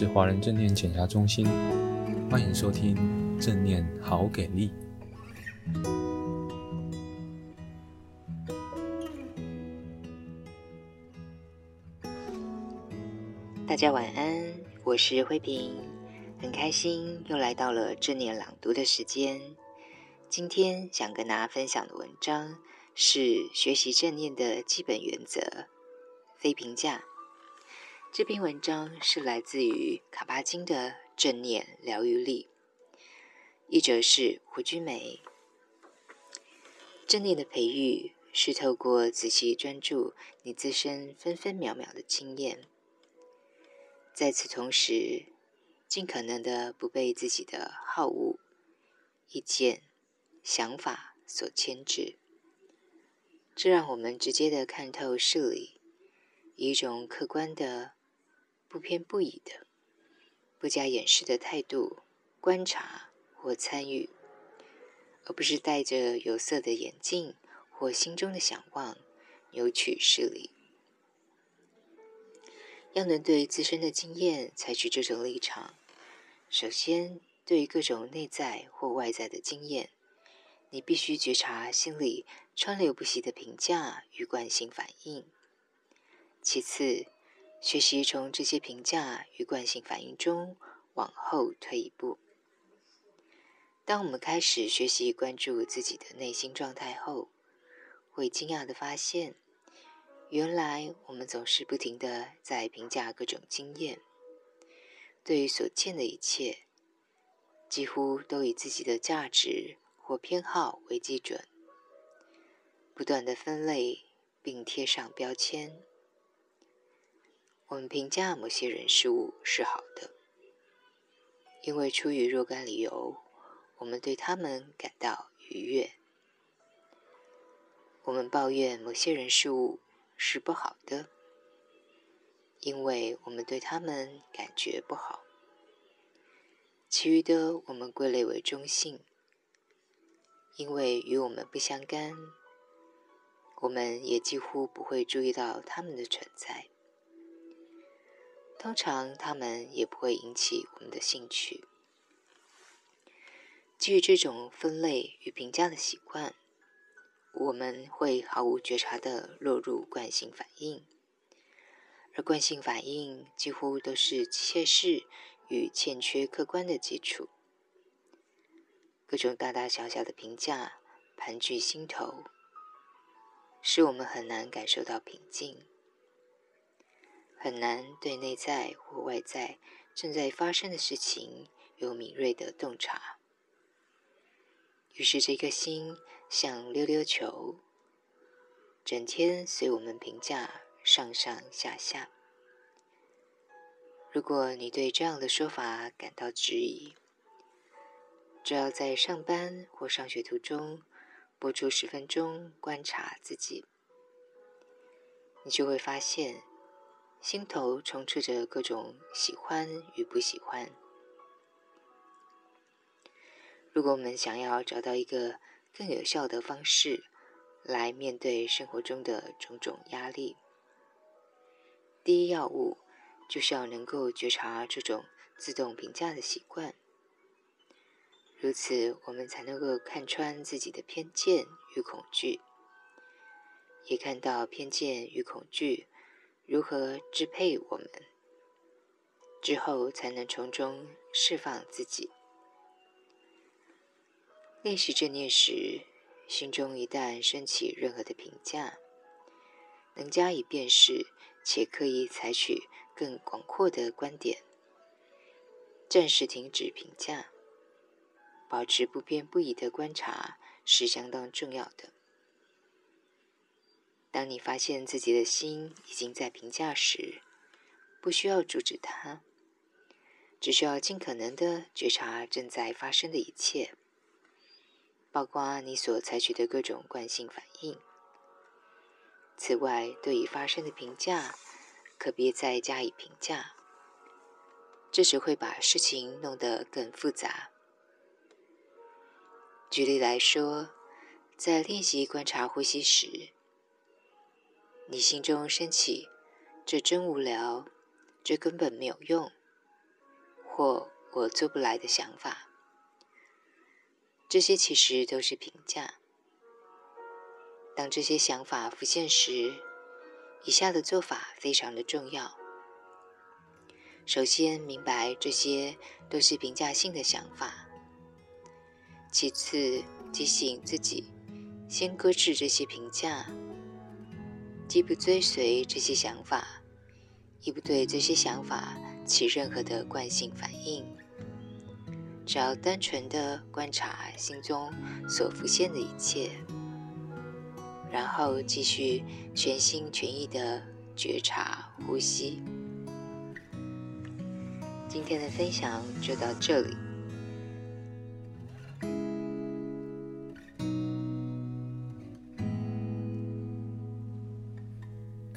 是華人正念減壓中心，歡迎收聽正念好給力。大家晚安，我是慧萍，很開心又來到了正念朗讀的時間。今天想跟大家分享的文章是學習正念的基本原則——非評價。這篇文章是來自於卡巴金的《正念療癒力》，譯者是胡君梅。正念的培育是透過仔細專注你自身分分秒秒的經驗，在此同時，盡可能的不被自己的好惡、意見、想法所牽制，這讓我們直接的看透事理，以一種客觀的，不偏不倚的、不加掩飾的態度觀察或參與，而不是戴著有色的眼鏡或心中的想望扭曲視力。要能對自身的經驗採取這種立場，首先對於各種內在或外在的經驗，你必須覺察心裡川流不息的評價與慣性反應；其次，學習從這些評價與慣性反應中往後退一步。當我們開始學習關注自己的內心狀態後，會驚訝地發現，原來我們總是不停地在評價各種經驗。對於所見的一切，幾乎都以自己的價值或偏好為基準，不斷地分類並貼上標籤。我們評價某些人事物是好的，因為出於若干理由，我們對他們感到愉悅。我們抱怨某些人事物是不好的，因為我們對他們感覺不好。其餘的我們歸類為中性，因為與我們不相干，我們也幾乎不會注意到他們的存在。通常，他們也不會引起我們的興趣。基於這種分類與評價的習慣，我們會毫無覺察地落入慣性反應，而慣性反應幾乎都是機械式與欠缺客觀的基礎。各種大大小小的評價盤踞心頭，使我們很難感受到平靜。很難對內在或外在正在發生的事情有敏銳的洞察，於是這個心像溜溜球，整天隨我們評價上上下下。如果你對這樣的說法感到質疑，只要在上班或上學途中，撥出十分鐘觀察自己，你就會發現。心頭充斥着各種喜歡與不喜歡。如果我們想要找到一個更有效的方式來面對生活中的種種壓力，第一要務就是要能夠覺察這種自動評價的習慣，如此我們才能夠看穿自己的偏見與恐懼，也看到偏見與恐懼，如何支配我們，之後才能從中釋放自己？練習正念時，心中一旦升起任何的評價，能加以辨識，且刻意採取更廣闊的觀點，暫時停止評價，保持不偏不倚的觀察，是相當重要的。當你發現自己的心已經在評價時，不需要阻止它，只需要盡可能地覺察正在發生的一切，包括你所採取的各種慣性反應。此外，對已發生的評價，可別再加以評價，這只會把事情弄得更複雜。舉例來說，在練習觀察呼吸時，你心中升起“這真無聊”“這根本沒有用”或“我做不來的”想法，這些其實都是評價。當這些想法浮現時，以下的做法非常的重要：首先，明白這些都是評價性的想法；其次，提醒自己先擱置這些評價。既不追隨這些想法，亦不對這些想法起任何的慣性反應，只要單純的觀察心中所浮現的一切，然後繼續全心全意的覺察呼吸。今天的分享就到這裡。